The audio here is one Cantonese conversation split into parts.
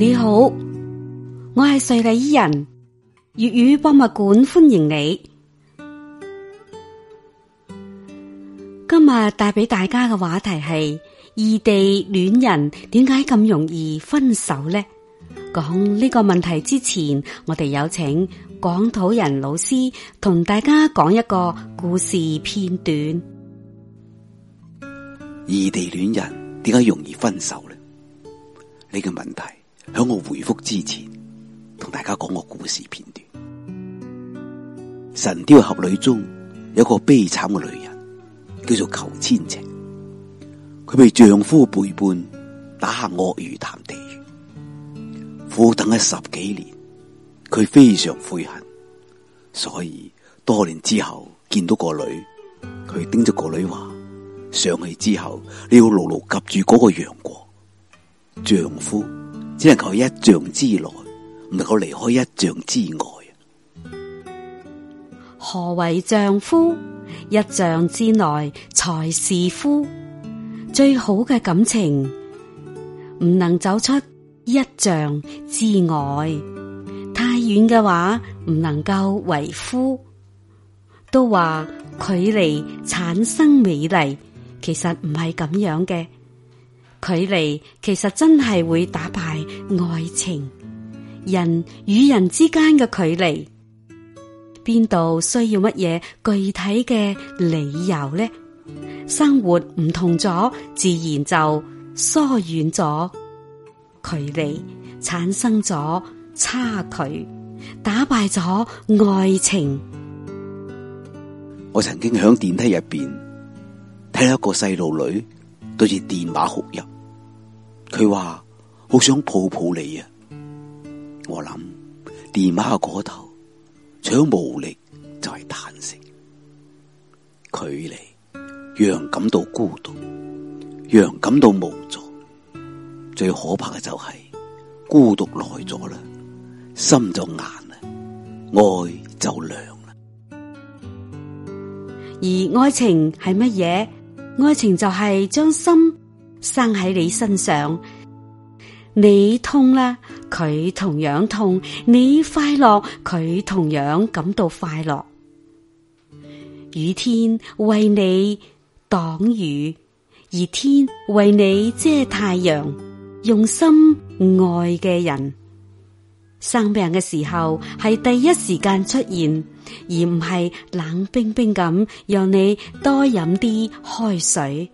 你好，我係瑞麗伊人粵語博物館，歡迎你。今日帶俾大家嘅話題係異地戀人點解咁容易分手咧？講呢個問題之前，我哋有請廣土人老師同大家講一個故事片段。異地戀人點解容易分手咧？呢個問題。喺我回覆之前，同大家講個故事片段。《神雕俠侶》中有一個悲慘嘅女人，叫做裘千尺。佢被丈夫背叛，打下鱷魚潭地獄，苦等咗十幾年，佢非常悔恨，所以多年之後見到個女，佢盯住個女話：上去之後你要牢牢夾住嗰個楊過，丈夫。只能求一丈之內，唔能夠離開一丈之外。何為丈夫？一丈之內才是夫。最好嘅感情唔能走出一丈之外，太遠嘅話唔能夠為夫。都話距離產生美麗，其實唔係咁樣嘅。距離其實真係會打敗愛情，人與人之間嘅距離，邊度需要乜嘢具體嘅理由呢？生活唔同咗，自然就疏遠咗距離，產生咗差距，打敗咗愛情。我曾經響電梯入邊睇一個細路女。對住電話哭泣，佢話好想抱抱你啊。我諗電話個頭除咗無力就係嘆息，距離讓人感到孤獨，讓人感到無助。最可怕嘅就係、是、孤獨耐咗啦，心就硬啦，愛就涼啦。而愛情係乜嘢？愛情就係將心生喺你身上，你痛啦，佢同樣痛；你快樂，佢同樣感到快樂。雨天為你擋雨，而天為你遮太陽，用心愛嘅人，生病嘅時候係第一時間出現。而唔係冷冰冰咁，讓你多飲啲開水。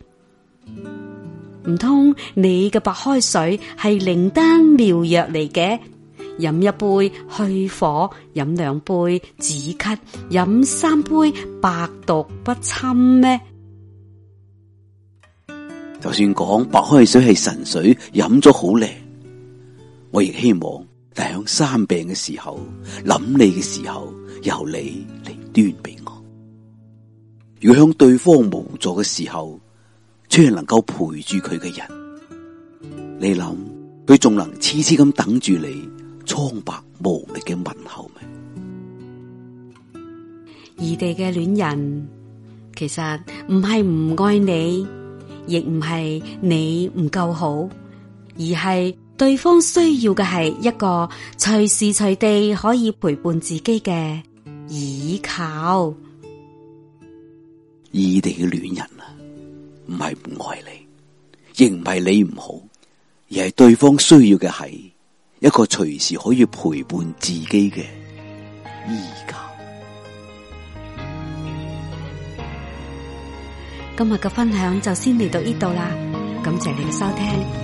唔通你嘅白開水係靈丹妙藥嚟嘅？飲一杯去火，飲兩杯止咳，飲三杯百毒不侵咩？就算講白開水係神水，飲咗好靚，我亦希望。但響生病嘅時候，諗你嘅時候，由你嚟端俾我；如果響對方無助嘅時候，出現能夠陪住佢嘅人，你諗佢仲能痴痴咁等住你蒼白無力嘅問候咩？異地嘅戀人，其實唔係唔愛你，亦唔係你唔夠好，而係。對方需要嘅係一個隨時隨地可以陪伴自己嘅依靠。異地嘅戀人啊，唔係唔愛你，亦唔係你唔好，而係對方需要嘅係一個隨時可以陪伴自己嘅依靠。今日嘅分享就先嚟到呢度啦，感謝你嘅收聽。